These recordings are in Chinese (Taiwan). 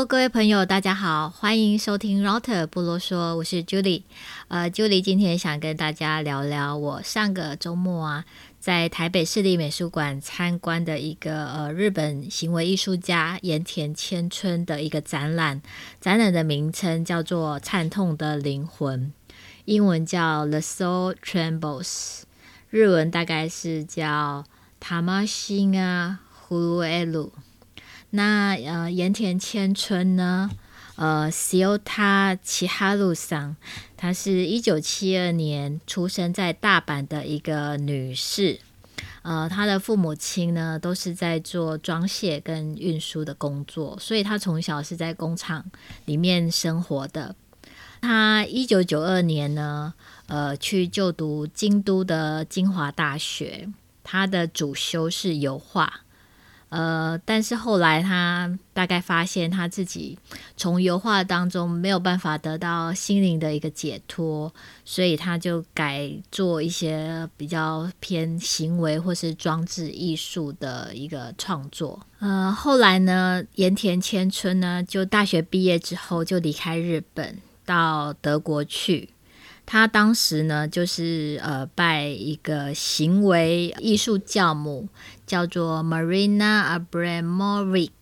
Hello, 各位朋友，大家好，歡迎收聽《Router 不囉嗦》。我是 Julie。呃、uh，Julie 今天想跟大家聊聊我上個周末啊，在台北市立美術館參觀的一個呃，日本行為藝術家鹽田千春的一個展覽。展覽的名稱叫做《顫動的靈魂》，英文叫《The Soul Trembles》，日文大概是叫《Tamashina Huelu 那呃，鹽田千春呢，呃，西歐他齊哈魯桑，她是一九七二年出生在大阪的一個女士。呃，她的父母親呢，都是在做裝卸跟運輸的工作，所以她從小是在工廠裡面生活的。她一九九二年呢，呃，去就讀京都的精華大學，她的主修是油畫。呃，但是後來他大概發現他自己從油畫當中沒有辦法得到心靈的一個解脫，所以他就改做一些比較偏行為或是裝置藝術的一個創作。呃，後來呢，鹽田千春呢就大學畢業之後就離開日本到德國去。他當時呢，就是呃拜一個行為藝術教母，叫做 Marina Abramovic，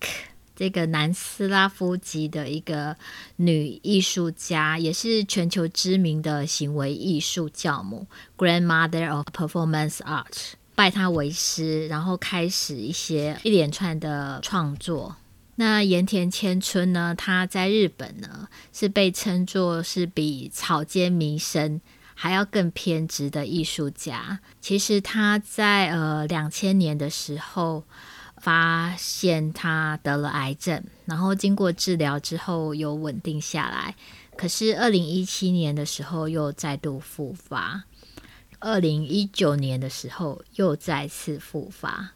這個南斯拉夫籍的一個女藝術家，也是全球知名的行為藝術教母，Grandmother of Performance Art，拜她為師，然後開始一些，一連串的創作。那鹽田千春呢？他在日本呢是被稱作是比草間彌生還要更偏執的藝術家。其實他在呃兩千年的時候發現他得了癌症，然後經過治療之後又穩定下來，可是二零一七年的時候又再度復發，二零一九年的時候又再次復發。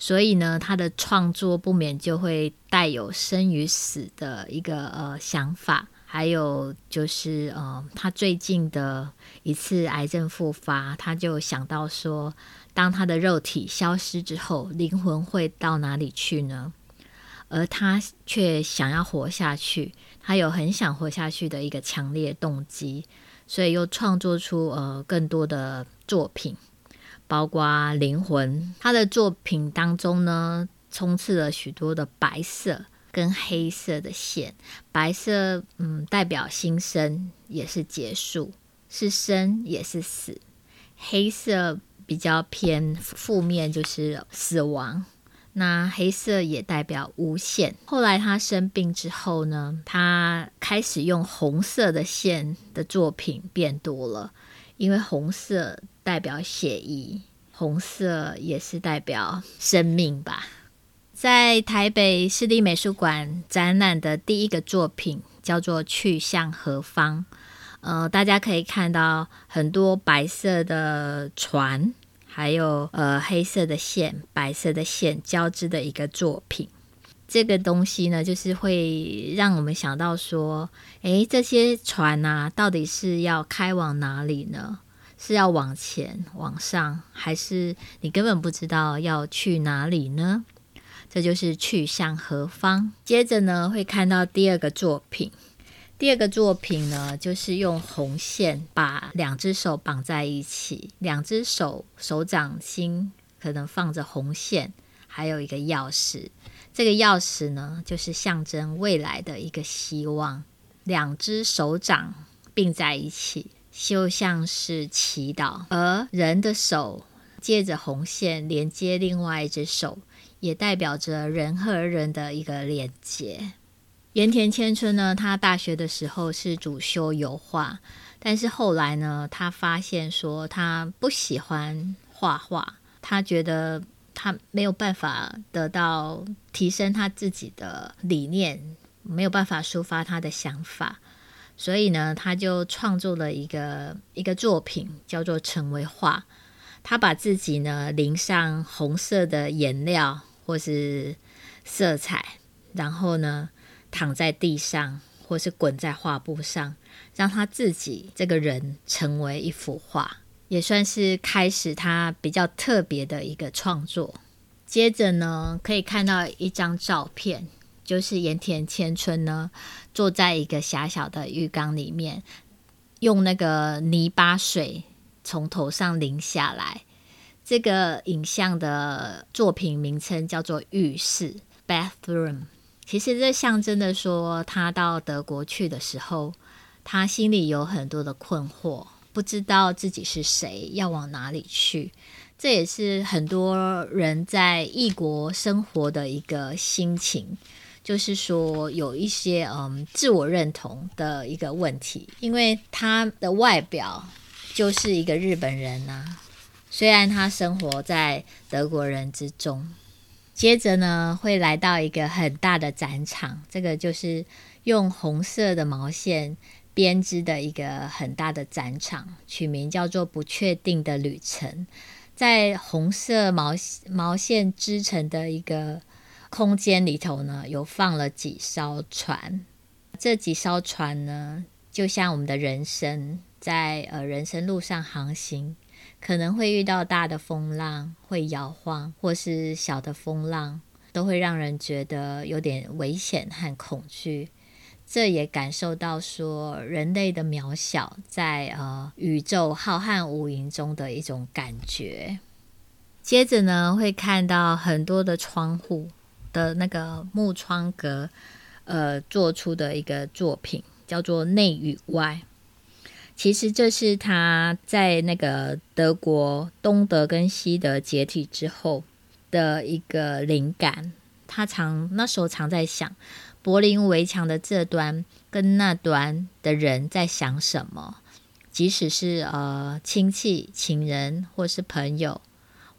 所以呢，他的創作不免就會帶有生與死的一個呃想法，還有就是呃，他最近的一次癌症復發，他就想到說，當他的肉體消失之後，靈魂會到哪裡去呢？而他卻想要活下去，他有很想活下去的一個強烈動機，所以又創作出呃更多的作品。包括靈魂，他的作品當中呢，充斥了許多的白色跟黑色的線。白色，嗯，代表新生，也是結束，是生也是死。黑色比較偏負面，就是死亡。那黑色也代表無限。後來他生病之後呢，他開始用紅色的線的作品變多了。因為紅色代表血液，紅色也是代表生命吧。在台北市立美術館展覽的第一個作品叫做《去向何方》。呃，大家可以看到很多白色的船，還有呃黑色的線、白色的線交織的一個作品。這個東西呢，就是會讓我們想到說，誒，這些船吶、啊，到底是要開往哪裡呢？是要往前、往上，還是你根本不知道要去哪裡呢？這就是去向何方。接着呢，會看到第二個作品。第二個作品呢，就是用紅線把兩隻手綁在一起，兩隻手手掌心可能放着紅線，還有一個鑰匙。這個鑰匙呢，就是象徵未來的一個希望。兩隻手掌併在一起，就像是祈禱；而人的手接著紅線連接另外一隻手，也代表着人和人的一個連接。鹽田千春呢，他大學的時候是主修油畫，但是後來呢，他發現說他不喜歡畫畫，他覺得。他沒有辦法得到提升他自己的理念，沒有辦法抒發他的想法，所以呢，他就創作了一個一個作品，叫做《成為畫》。他把自己呢淋上紅色的顏料或是色彩，然後呢躺在地上或是滾在畫布上，讓他自己這個人成為一幅畫。也算是開始他比較特別的一個創作。接着呢，可以看到一張照片，就是塩田千春呢坐在一個狹小的浴缸裡面，用那個泥巴水從頭上淋下來。這個影像的作品名稱叫做《浴室》（Bathroom）。其實這象徵的說，他到德國去的時候，他心裡有很多的困惑。不知道自己是誰，要往哪裡去，這也是很多人在異國生活的一個心情，就是說有一些嗯自我認同的一個問題，因為他的外表就是一個日本人吶啊，雖然他生活在德國人之中。接着呢，會來到一個很大的展場，這個就是用紅色的毛線。編織的一個很大的展場，取名叫做《不確定的旅程》。在紅色毛毛線織成的一個空間裡頭呢，有放了幾艘船。這幾艘船呢，就像我們的人生，在呃人生路上航行，可能會遇到大的風浪，會搖晃，或是小的風浪，都會讓人覺得有點危險和恐懼。這也感受到說人類的渺小在，在呃宇宙浩瀚無垠中的一種感覺。接着呢，會看到很多的窗戶的那個木窗格，呃，做出的一個作品叫做《內與外》。其實這是他在那個德國東德跟西德解體之後的一個靈感。他常那時候常在想。柏林圍牆的這端跟那端的人在想什麼？即使是呃親戚、情人或是朋友，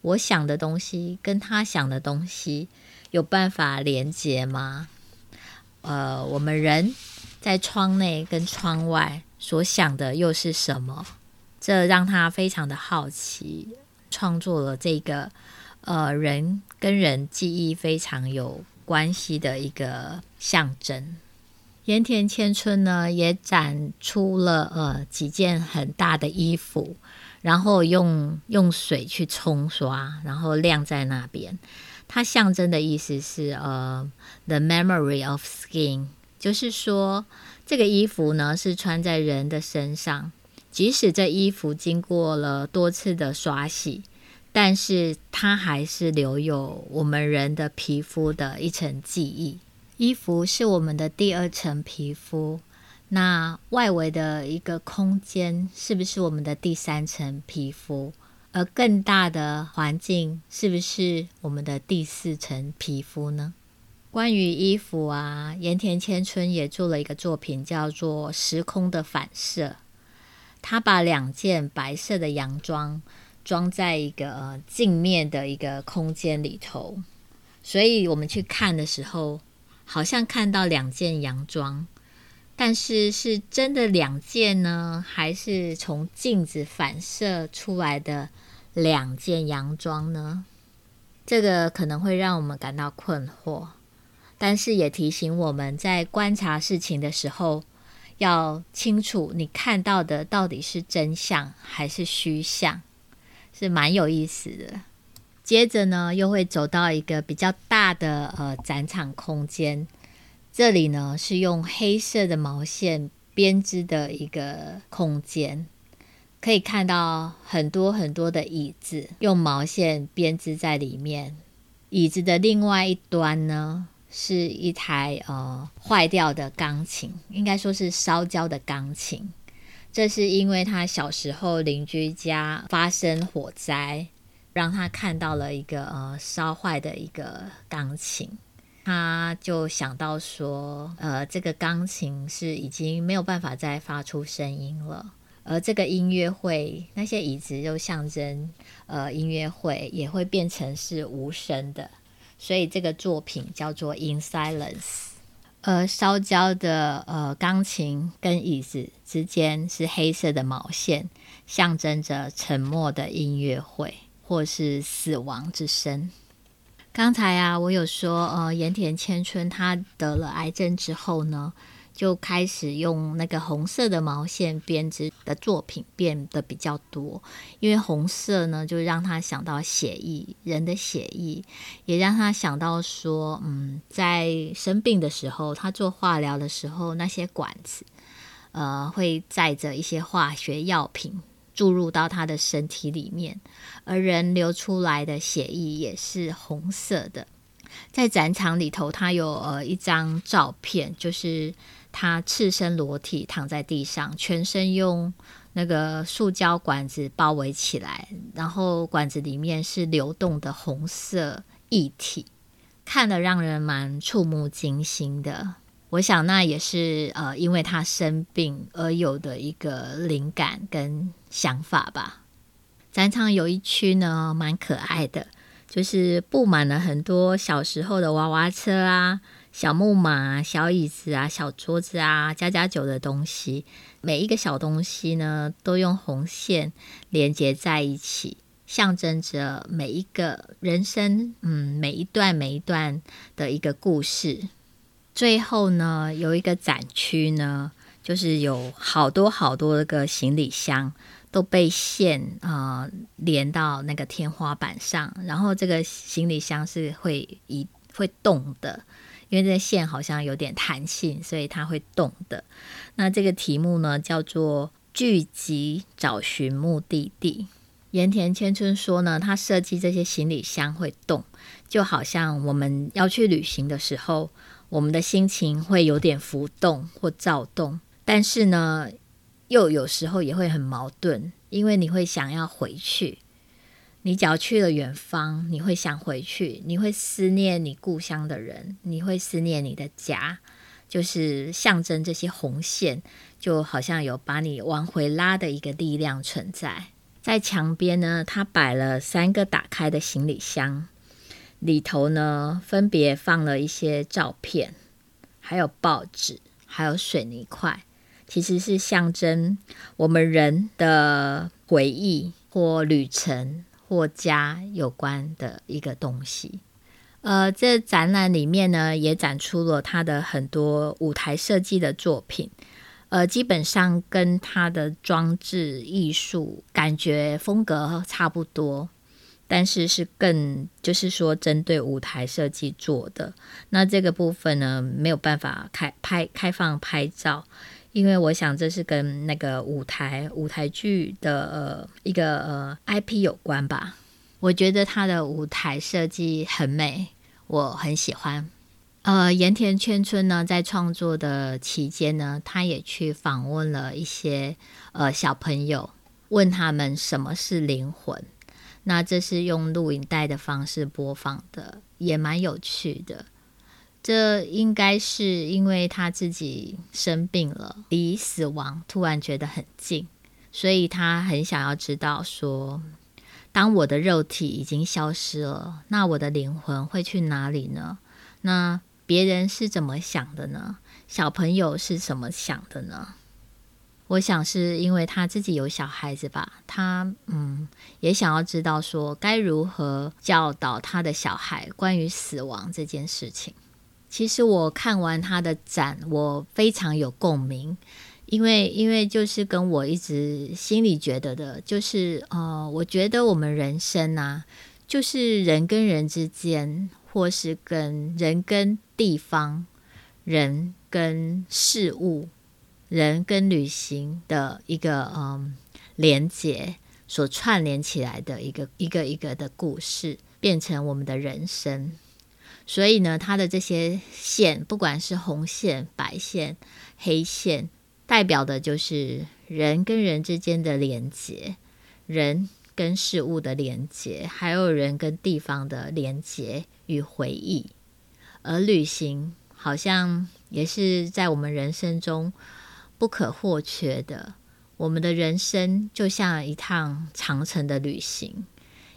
我想的東西跟他想的東西有辦法連接嗎？呃，我們人在窗內跟窗外所想的又是什麼？這讓他非常的好奇，創作了這個呃人跟人記憶非常有。關係的一個象徵，鹽田千春呢也展出了呃幾件很大的衣服，然後用用水去沖刷，然後晾在那邊。它象徵的意思是呃，the memory of skin，就是說這個衣服呢是穿在人的身上，即使這衣服經過了多次的刷洗。但是它還是留有我們人的皮膚的一層記憶。衣服是我們的第二層皮膚，那外圍的一個空間是不是我們的第三層皮膚？而更大的環境是不是我們的第四層皮膚呢？關於衣服啊，鹽田千春也做了一個作品叫做《時空的反射》，他把兩件白色的洋裝。裝在一個鏡面的一個空間裡頭，所以我們去看的時候，好像看到兩件洋裝，但是是真的兩件呢？還是從鏡子反射出來的兩件洋裝呢？這個可能會讓我們感到困惑，但是也提醒我們在觀察事情的時候，要清楚你看到的到底是真相還是虛像。是蠻有意思的。接着呢，又會走到一個比較大的呃展場空間。這裡呢，是用黑色的毛線編織的一個空間，可以看到很多很多的椅子，用毛線編織在裡面。椅子的另外一端呢，是一台呃壞掉的鋼琴，應該說是燒焦的鋼琴。這是因為他小時候鄰居家發生火災，讓他看到了一個呃燒壞的一個鋼琴，他就想到說，呃，這個鋼琴是已經沒有辦法再發出聲音了，而這個音樂會那些椅子又象徵，呃，音樂會也會變成是無聲的，所以這個作品叫做《In Silence》。呃，燒焦的呃鋼琴跟椅子之間是黑色的毛線，象徵着沉默的音樂會或是死亡之聲。剛才啊，我有說呃，鹽田千春她得了癌症之後呢。就開始用那個紅色的毛線編織的作品變得比較多，因為紅色呢，就讓他想到血液，人的血液，也讓他想到說，嗯，在生病的時候，他做化療的時候，那些管子，呃，會載着一些化學藥品注入到他的身體裡面，而人流出來的血液也是紅色的。在展場裡頭，他有呃一張照片，就是。他赤身裸體躺在地上，全身用那個塑膠管子包圍起來，然後管子裡面是流動的紅色液體，看得讓人蠻觸目驚心的。我想那也是呃，因為他生病而有的一個靈感跟想法吧。展場有一區呢，蠻可愛的，就是佈滿了很多小時候的娃娃車啊。小木馬、啊、小椅子啊、小桌子啊，家家酒的東西，每一個小東西呢，都用紅線連接在一起，象徵着每一個人生，嗯，每一段每一段的一個故事。最後呢，有一個展區呢，就是有好多好多個行李箱都被線啊、呃、連到那個天花板上，然後這個行李箱是會移會動的。因為這個線好像有點彈性，所以它會動的。那這個題目呢，叫做“聚集找尋目的地”。鹽田千春說呢，他設計這些行李箱會動，就好像我們要去旅行的時候，我們的心情會有點浮動或躁動，但是呢，又有時候也會很矛盾，因為你會想要回去。你只要去了遠方，你會想回去，你會思念你故鄉的人，你會思念你的家，就是象徵這些紅線，就好像有把你往回拉的一個力量存在。在牆邊呢，它擺了三個打開的行李箱，裡頭呢，分別放了一些照片，還有報紙，還有水泥塊，其實是象徵我們人的回憶或旅程。國家有關的一個東西，呃，這個展覽裡面呢也展出了他的很多舞台設計的作品，呃，基本上跟他的裝置藝術感覺風格差不多，但是是更就是說針對舞台設計做的。那這個部分呢沒有辦法開拍、開放拍照。因為我想，這是跟那個舞台舞台劇的、呃、一個呃 IP 有關吧。我覺得他的舞台設計很美，我很喜歡。呃，鹽田千春呢，在創作的期間呢，他也去訪問了一些呃小朋友，問他們什麼是靈魂。那這是用錄影帶的方式播放的，也蠻有趣的。這應該是因為他自己生病了，離死亡突然覺得很近，所以他很想要知道說，當我的肉體已經消失了，那我的靈魂會去哪裡呢？那別人是怎麼想的呢？小朋友是怎麼想的呢？我想是因為他自己有小孩子吧，他嗯，也想要知道說該如何教導他的小孩關於死亡這件事情。其實我看完他的展，我非常有共鳴，因為因為就是跟我一直心裡覺得的，就是呃，我覺得我們人生啊，就是人跟人之間，或是跟人跟地方、人跟事物、人跟旅行的一個嗯、呃、連接，所串聯起來的一個一個一個的故事，變成我們的人生。所以呢，它的這些線，不管是紅線、白線、黑線，代表的就是人跟人之間的連接，人跟事物的連接，還有人跟地方的連接與回憶。而旅行好像也是在我們人生中不可或缺的。我們的人生就像一趟長程的旅行。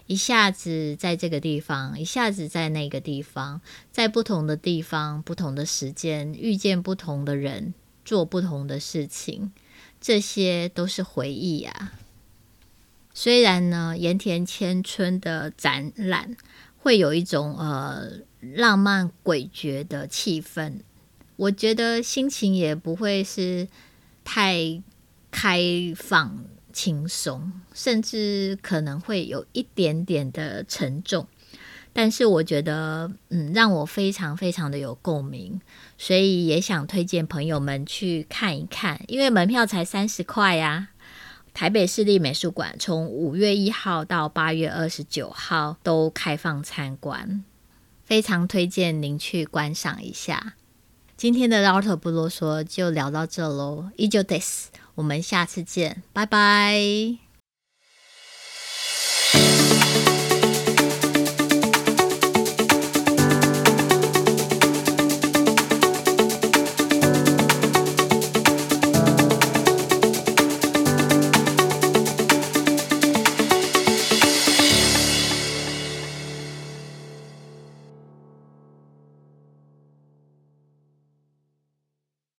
一下子在這個地方，一下子在那個地方，在不同的地方、不同的時間，遇見不同的人，做不同的事情，這些都是回憶啊。雖然呢，鹽田千春的展覽會有一種，呃，浪漫詭譎的氣氛，我覺得心情也不會是太開放輕鬆，甚至可能會有一點點的沉重，但是我覺得，嗯，讓我非常非常的有共鳴，所以也想推薦朋友們去看一看，因為門票才三十塊呀、啊。台北市立美術館從五月一號到八月二十九號都開放參觀，非常推薦您去觀賞一下。今天的 Router 不囉嗦，就聊到這嘍。依舊です我們下次見，拜拜。